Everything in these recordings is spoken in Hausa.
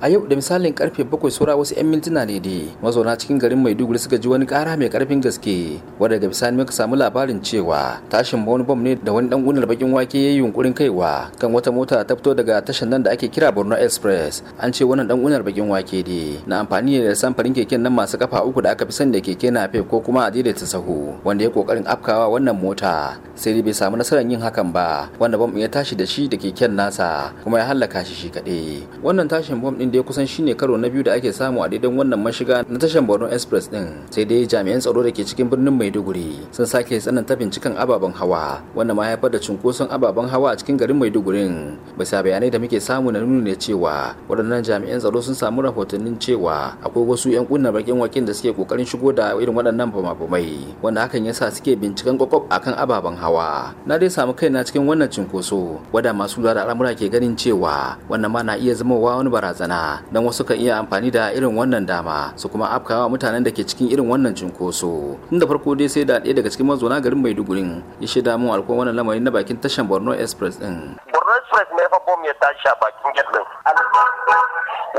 a yau da misalin karfe bakwai sura wasu 'yan mintuna ne dai mazauna cikin garin maiduguri suka ji wani kara mai karfin gaske wadda daga bisani muka samu labarin cewa tashin wani bom ne da wani dan gunar bakin wake ya yi yunkurin kaiwa kan wata mota ta fito daga tashan nan da ake kira borno express an ce wannan dan gunar bakin wake ne na amfani da samfarin keken nan masu kafa uku da aka fi sani da keke na ko kuma adidas ta sahu wanda ya kokarin afkawa wannan mota sai dai bai samu nasarar yin hakan ba wanda bom ya tashi da shi da keken nasa kuma ya hallaka shi shi kaɗai wannan tashin bom din da ya kusan shine karo na biyu da ake samu a daidan wannan mashiga na tashan borno express din sai dai jami'an tsaro da ke cikin birnin maiduguri sun sake tsananta binciken ababen hawa Wannan ma haifar da cunkoson ababen hawa a cikin garin maidugurin bisa bayanai da muke samu na nuna ne cewa waɗannan jami'an tsaro sun samu rahotannin cewa akwai wasu 'yan kunnar bakin wakin da suke kokarin shigo da irin waɗannan bama wanda hakan yasa suke binciken kwakwab akan ababen hawa na dai samu kaina cikin wannan cunkoso Wada masu lura da al'amura ke ganin cewa wannan ma na iya zama wani barazana dan wasu kan iya amfani da irin wannan dama su kuma afkawa mutanen da ke cikin irin wannan cinkoso inda farko dai sai da ɗaya daga cikin mazauna garin maiduguri ya shaida mun alkon wannan lamarin na bakin tashan borno express din borno express mai fa bom ya tashi a bakin gidan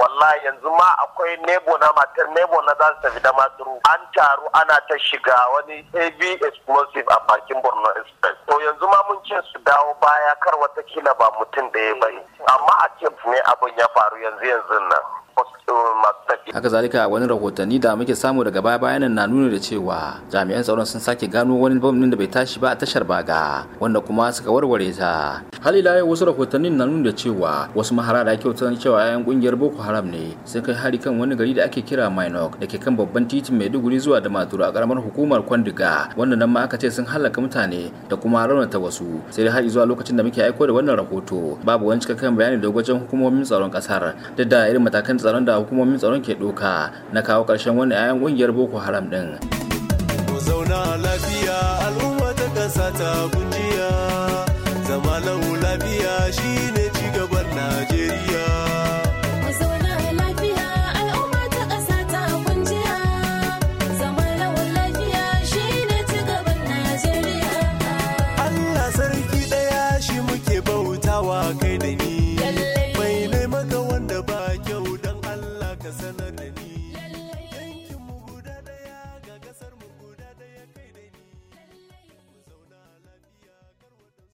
Walla yanzu ma akwai nebo na matar nebo na zan tafi da maturu an taru ana ta shiga wani av explosive a bakin borno express to yanzu ma mun ce su dawo baya kar wata kila ba mutum da ya bari amma a ce ne abin ya faru yanzu yanzu nan haka zalika wani rahotanni da muke samu daga baya bayanan na nuna da cewa jami'an tsaron sun sake gano wani bam da bai tashi ba a tashar baga wanda kuma suka warware ta halila yau wasu rahotanni na nuna da cewa wasu mahara da kyautar cewa yayan kungiyar boko haram ne sun kai hari kan wani gari da ake kira minok da ke kan babban titin maiduguri zuwa da maturu a karamar hukumar kwandiga wanda nan ma aka ce sun halaka mutane da kuma raunata wasu sai dai har zuwa lokacin da muke aiko da wannan rahoto babu wani cikakken bayani da wajen hukumomin tsaron kasar duk da irin matakan tsaron da hukumomin tsaron ke doka na kawo ƙarshen wani 'ya'yan ƙungiyar boko haram ɗin. ku zauna lafiya al'umma ta ƙasa ta kungiya zama lafiya shine cigaban najeriya kai da ni